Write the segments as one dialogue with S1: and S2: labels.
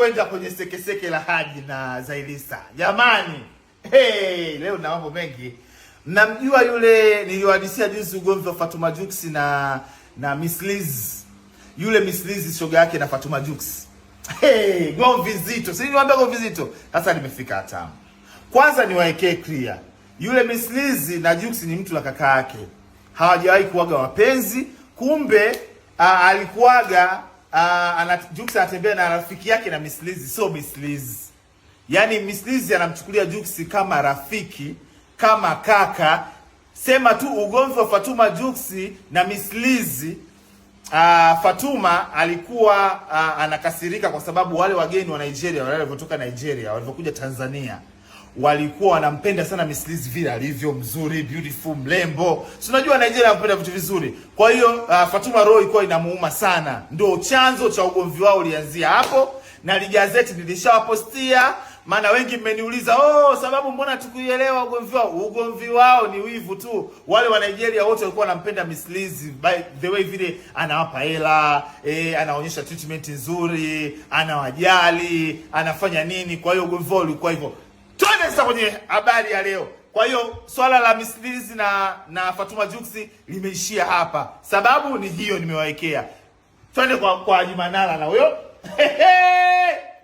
S1: kwenda kwenye sekeseke la Haji na Zailisa. Jamani, hey, leo na mambo mengi. Mnamjua yule niliyohadisia jinsi ugomvi wa Fatuma Jux na na Miss Liz. Yule Miss Liz shoga yake na Fatuma Jux. Hey, gomvi zito. Si niwaambia gomvi zito. Sasa nimefika hatamu. Kwanza niwaekee clear. Yule Miss Liz na Jux ni mtu la kaka yake. Hawajawahi kuwaga wapenzi, kumbe a, alikuwaga uh, Jux anatembea na rafiki yake na Miss Lizzy, sio Miss Lizzy. Yaani Miss Lizzy anamchukulia Jux kama rafiki, kama kaka. Sema tu ugomvi wa Fatuma Jux na Miss Lizzy Uh, Fatuma alikuwa uh, anakasirika kwa sababu wale wageni wa Nigeria wale walivyotoka Nigeria walivyokuja Tanzania walikuwa wanampenda sana Miss Liz vile alivyo mzuri, beautiful, mrembo. Si unajua Nigeria anapenda vitu vizuri. Kwa hiyo uh, Fatuma Roy ilikuwa inamuuma sana, ndio chanzo cha ugomvi wao ulianzia hapo, na ligazeti nilishawapostia maana wengi mmeniuliza oh, sababu mbona tukuielewa ugomvi wao. Ugomvi wao ni wivu tu. Wale wa Nigeria wote walikuwa wanampenda Miss Liz by the way, vile anawapa hela eh, anaonyesha treatment nzuri, anawajali, anafanya nini. Kwa hiyo ugomvi wao ulikuwa hivyo. Sasa kwenye habari ya leo, kwa hiyo swala la Miss na na Fatuma Juksi limeishia hapa, sababu ni hiyo nimewawekea. Twende kwa kwa Jumanala na huyo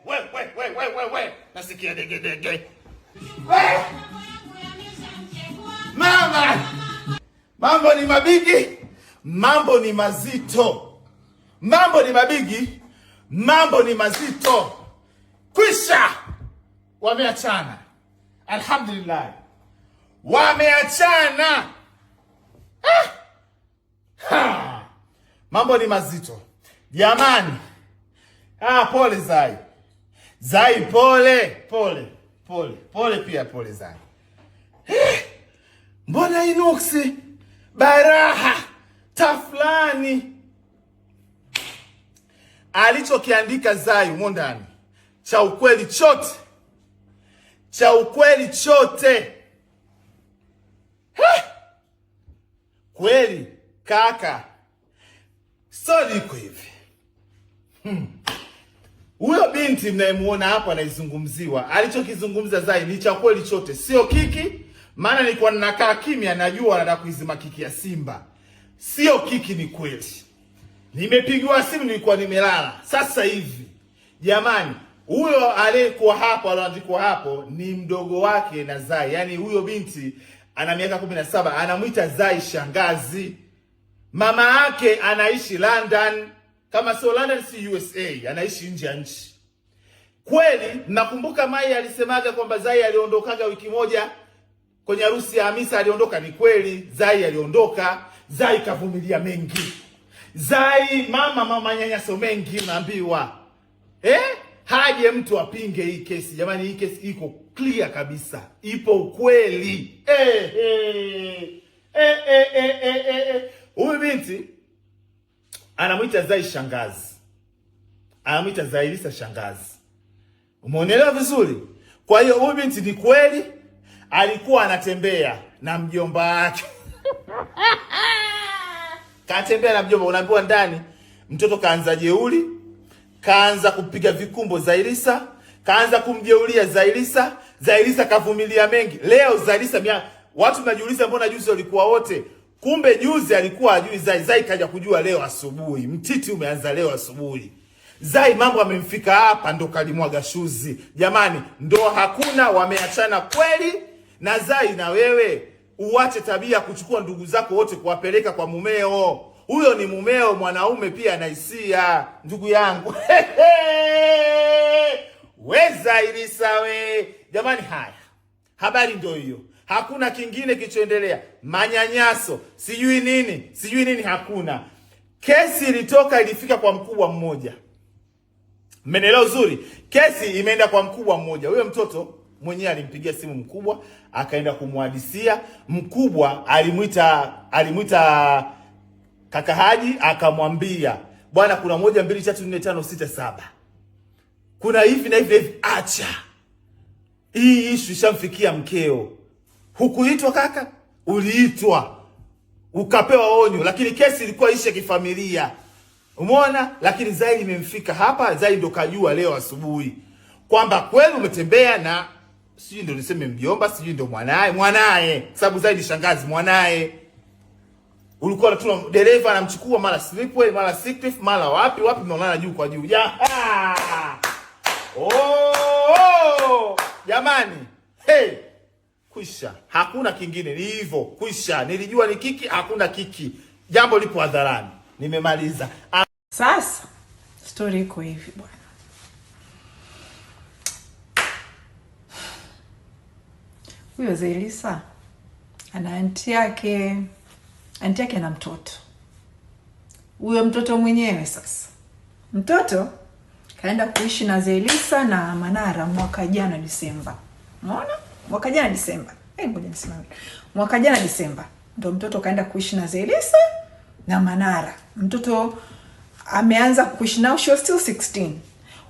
S1: we we we we we we, nasikia dege dege mama, mambo ni mabigi, mambo ni mazito, mambo ni mabigi, mambo ni mazito. Kwisha, wameachana. Alhamdulillah wameachana. Ah! Ha! Mambo ni mazito jamani. Ah, pole Zai, Zai pole pole pole pole, pia pole Zai. Eh, mbona Inox baraha tafulani alichokiandika Zai mondani cha ukweli chote cha ukweli chote. He! Kweli kaka, stori iko hivi hmm. huyo hmm. Binti mnayemuona hapo anaizungumziwa, alichokizungumza Zai ni cha kweli chote, sio kiki. Maana nilikuwa ninakaa kimya, najua anataka kuizima kiki ya Simba. Sio kiki, ni kweli. Nimepigiwa simu, nilikuwa nimelala. Sasa hivi jamani huyo aliyekuwa hapo alioandikwa hapo ni mdogo wake na Zai, yaani huyo binti ana miaka kumi na saba anamwita Zai shangazi. Mama yake anaishi London, kama sio London si USA, anaishi nje ya nchi. Kweli nakumbuka Mai alisemaga kwamba Zai aliondokaga wiki moja kwenye harusi ya Hamisa, aliondoka. Ni kweli, Zai aliondoka. Zai kavumilia mengi. Zai mama mama nyanyaso mengi, naambiwa eh haje mtu apinge hii kesi jamani, hii kesi iko clear kabisa, ipo ukweli. Eh eh eh, eh, eh, eh, eh, eh, eh. Huyu binti anamwita Zai shangazi, anamwita Zailisa shangazi, umeonelewa vizuri. Kwa hiyo huyu binti ni kweli alikuwa anatembea na mjomba wake katembea na mjomba, unaambiwa ndani mtoto kaanza jeuli kaanza kupiga vikumbo Zailisa, kaanza kumjeulia Zailisa. Zailisa kavumilia mengi. Leo Zailisa mia, watu mnajiuliza mbona juzi walikuwa wote, kumbe juzi alikuwa ajui Zai. Zai kaja kujua leo asubuhi, mtiti umeanza leo asubuhi. Zai mambo amemfika hapa, ndo kalimwaga shuzi. Jamani, ndo hakuna wameachana kweli. Na Zai, na wewe uwache tabia kuchukua ndugu zako wote kuwapeleka kwa mumeo huyo ni mumeo, mwanaume pia na hisia, ndugu yangu weza ilisawe. Jamani, haya habari ndio hiyo, hakuna kingine kilichoendelea. Manyanyaso sijui nini sijui nini, hakuna kesi ilitoka, ilifika kwa mkubwa mmoja. Mmenielewa uzuri? Kesi imeenda kwa mkubwa mmoja. Huyo mtoto mwenyewe alimpigia simu mkubwa, akaenda kumhadisia mkubwa, alimwita alimwita Kaka Haji akamwambia bwana, kuna moja mbili tatu nne tano sita saba, kuna hivi na hivi na hivi, acha hii ishu ishamfikia mkeo. Hukuitwa kaka, uliitwa ukapewa onyo, lakini kesi ilikuwa ishe kifamilia, umeona. Lakini Zai imemfika hapa, Zai ndo kajua leo asubuhi kwamba kweli umetembea na sijui ndo niseme mjomba, sijui ndo mwanaye mwanaye, sababu Zai ni shangazi mwanaye ulikuwa tu dereva anamchukua mara Slipway mara Sixth mara wapi wapi, mnaonana juu kwa juu ja. Oh, oh, jamani hey, kwisha, hakuna kingine ni hivyo, kwisha. Nilijua ni kiki, hakuna kiki, jambo lipo hadharani, nimemaliza. Ah! Sasa story iko hivi bwana, huyo Zelisa ana anti yake anti na mtoto huyo mtoto mwenyewe sasa mtoto kaenda kuishi na Zelisa na Manara mwaka jana Disemba. Unaona? Mwaka jana Disemba. Eh, ngoja nisimame. Mwaka jana Disemba ndo mtoto kaenda kuishi na Zelisa na Manara. Mtoto ameanza kuishi nao, she was still 16.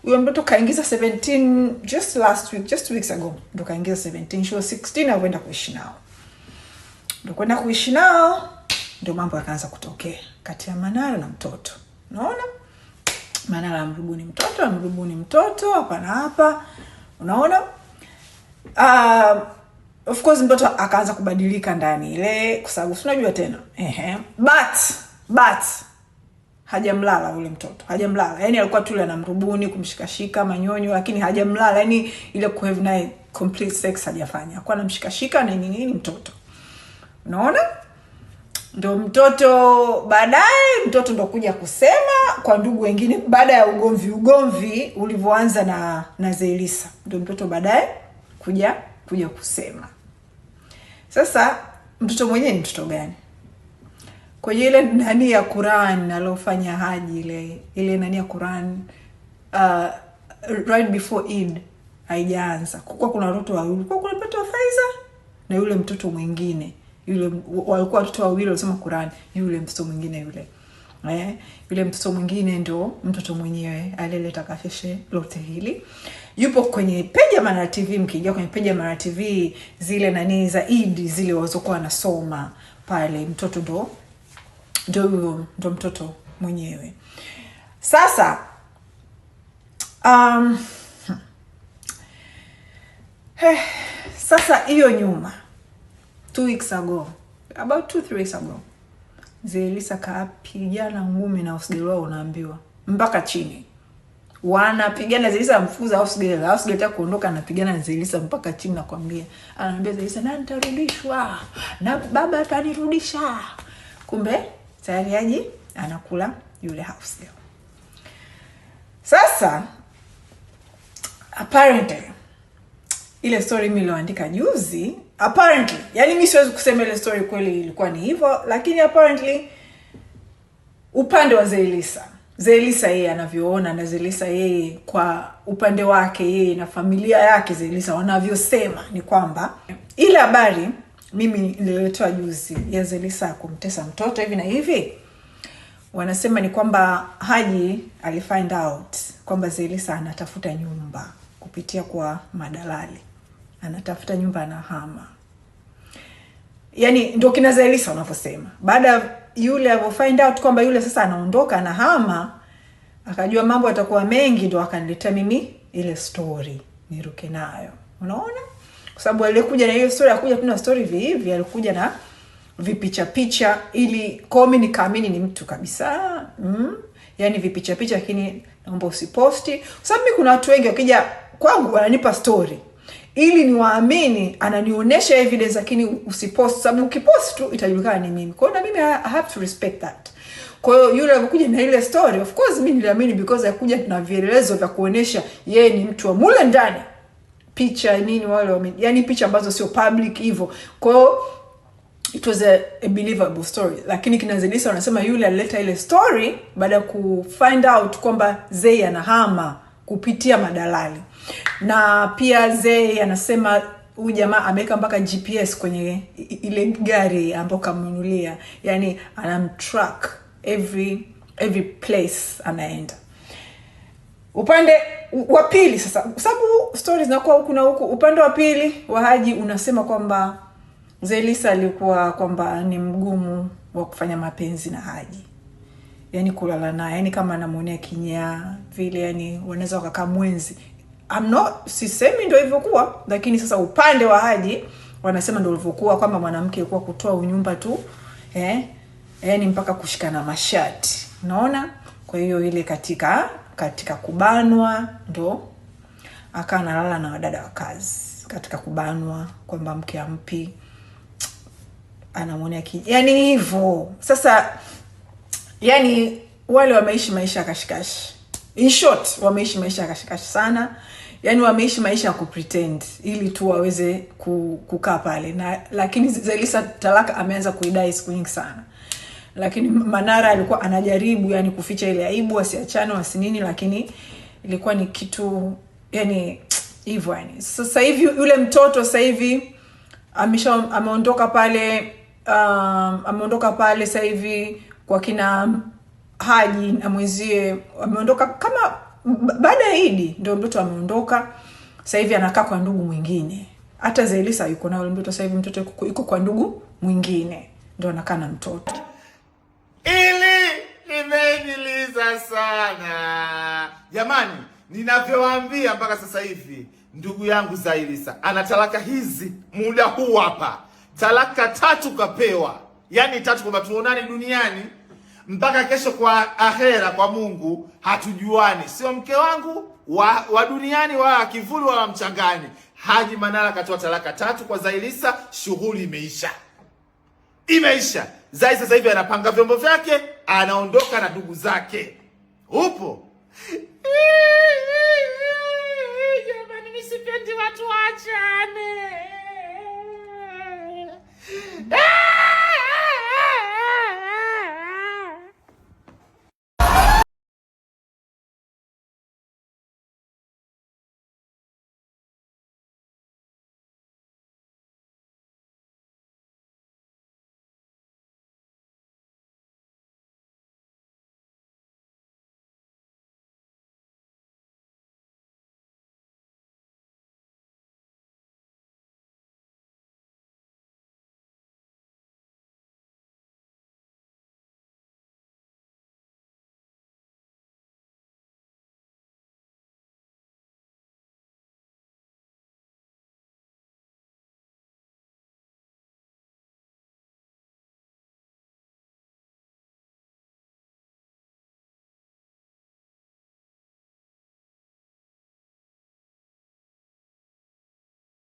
S1: Huyo mtoto kaingiza 17 just last week, just two weeks ago ndo kaingiza 17, she was 16 na kwenda kuishi nao. Ndo kwenda kuishi nao ndio mambo yakaanza kutokea kati ya Manara na mtoto. Unaona, Manara amrubuni mtoto, amrubuni mtoto hapa na hapa, unaona uh, of course mtoto akaanza kubadilika ndani ile, kwa sababu si unajua tena ehe, but but hajamlala yule mtoto, hajamlala yani, alikuwa tu anamrubuni kumshikashika manyonyo, lakini hajamlala yani, ile ku have naye complete sex hajafanya, alikuwa anamshikashika na nini nini mtoto, unaona ndo mtoto baadaye mtoto ndo kuja kusema kwa ndugu wengine baada ya ugomvi ugomvi ulivyoanza na na zelisa ndo mtoto baadaye kuja kuja kusema sasa mtoto mwenyewe ni mtoto gani kwenye ile nani ya quran alofanya haji ile ile nani ya quran uh, right before id haijaanza kukuwa kuna watoto wawili kuwa kuna mtoto wa faiza na yule mtoto mwingine yule, walikuwa watoto wawili walisoma Qur'an, yule mtoto mwingine yule eh, yule mtoto mwingine ndo mtoto mwenyewe alileta kafeshe lote hili. Yupo kwenye peja mara TV, mkiingia kwenye peja mara TV zile nani za Idi zile wazokuwa wanasoma pale, mtoto ndo ndo huyo ndo mtoto mwenyewe. Sasa um, heh, hmm. sasa hiyo nyuma two weeks ago, about two three weeks ago, Zelisa kapigana ngumi na Usgeli wao, unaambiwa mpaka chini wanapigana Zelisa mfuza Ausgel. Ausgel ta kuondoka anapigana na Zelisa mpaka chini, nakwambia. Anaambia Zelisa, na nitarudishwa na baba atanirudisha. Kumbe tayari yaji anakula yule Ausgel. Sasa apparently ile story mimi niliandika juzi apparently yani mi siwezi kusema ile story kweli ilikuwa ni hivyo lakini apparently upande wa zelisa zelisa yeye anavyoona na zelisa yeye kwa upande wake yeye na familia yake zelisa wanavyosema ni kwamba ile habari mimi nililetewa juzi ya zelisa kumtesa mtoto hivi na hivi wanasema ni kwamba haji alifind out kwamba zelisa anatafuta nyumba kupitia kwa madalali anatafuta nyumba anahama. Yani ndo kina Zailisa wanavyosema, baada ya yule alivyo find out kwamba yule sasa anaondoka anahama, akajua mambo yatakuwa mengi, ndo akaniletea mimi ile story niruke nayo, unaona kwa sababu alikuja na hiyo story, akuja tuna story hivi hivi, alikuja na vipicha picha, ili komi mimi nikaamini ni mtu kabisa mm. Yani vipicha picha, lakini naomba usiposti, kwa sababu mimi kuna watu wengi wakija kwangu wananipa story ili niwaamini, ananionyesha evidence, lakini usipost, sababu ukipost tu itajulikana ni mimi. kwao na mimi I have to respect that. Kwa hiyo yule alikuja na ile story, of course mimi niliamini because alikuja na vielelezo vya kuonyesha yeye ni mtu wa mule ndani, picha nini wale wame, yani picha ambazo sio public hivyo. Kwa hiyo it was a, a believable story, lakini kinazidisa wanasema yule alileta ile story baada ya kufind out kwamba Zay anahama kupitia madalali na pia Zey anasema huyu jamaa ameweka mpaka GPS kwenye ile gari ambayo kamnunulia, yani anamtrack every every place anaenda. Upande wa pili sasa, kwa sababu stori zinakuwa huku na huku, upande wa pili wa Haji unasema kwamba Zelisa alikuwa kwamba ni mgumu wa kufanya mapenzi na Haji, yani kulala naye, yani kama anamwonea kinyaa vile, yani wanaweza wakakaa mwenzi I'm not sisemi ndio ilivyokuwa, lakini sasa upande wa Haji wanasema ndio ilivyokuwa kwamba mwanamke alikuwa kutoa unyumba tu eh, ni mpaka kushikana mashati, unaona. Kwa hiyo ile katika katika kubanwa ndo akawa analala na wadada wa kazi, katika kubanwa kwamba mke ampi anamwonea ki, yani hivyo sasa, yani wale wameishi maisha ya kashikashi in short wameishi maisha ya kashikashi sana yani wameishi maisha ya kupretend ili tu waweze kukaa pale na lakini zelisa talaka ameanza kuidai siku nyingi sana lakini manara alikuwa anajaribu yani kuficha ile aibu wasiachane wasinini lakini ilikuwa ni kitu yani hivyo yani sasa hivi yule mtoto sasa hivi amesha ameondoka pale um, ameondoka pale sasa hivi kwa kina Haji na mwenzie ameondoka kama baada ya Idi, ndio mtoto ameondoka sasa hivi anakaa kwa ndugu mwingine. Hata Zelisa yuko na mtoto sasa hivi, mtoto yuko kwa ndugu mwingine, ndio anakaa na mtoto. Ili limeingiliza sana jamani, ninavyowaambia mpaka sasa hivi, ndugu yangu Zailisa ana talaka hizi muda huu hapa, talaka tatu kapewa, yani tatu, kwamba tuonane duniani mpaka kesho kwa ahera kwa Mungu hatujuani, sio mke wangu wa, wa duniani wala kivuli wala mchangani. Haji Manara akatoa talaka tatu kwa Zailisa, shughuli imeisha, imeisha. Zai sasa hivi anapanga vyombo vyake, anaondoka na ndugu zake. Upo jamani, watu wachane ah!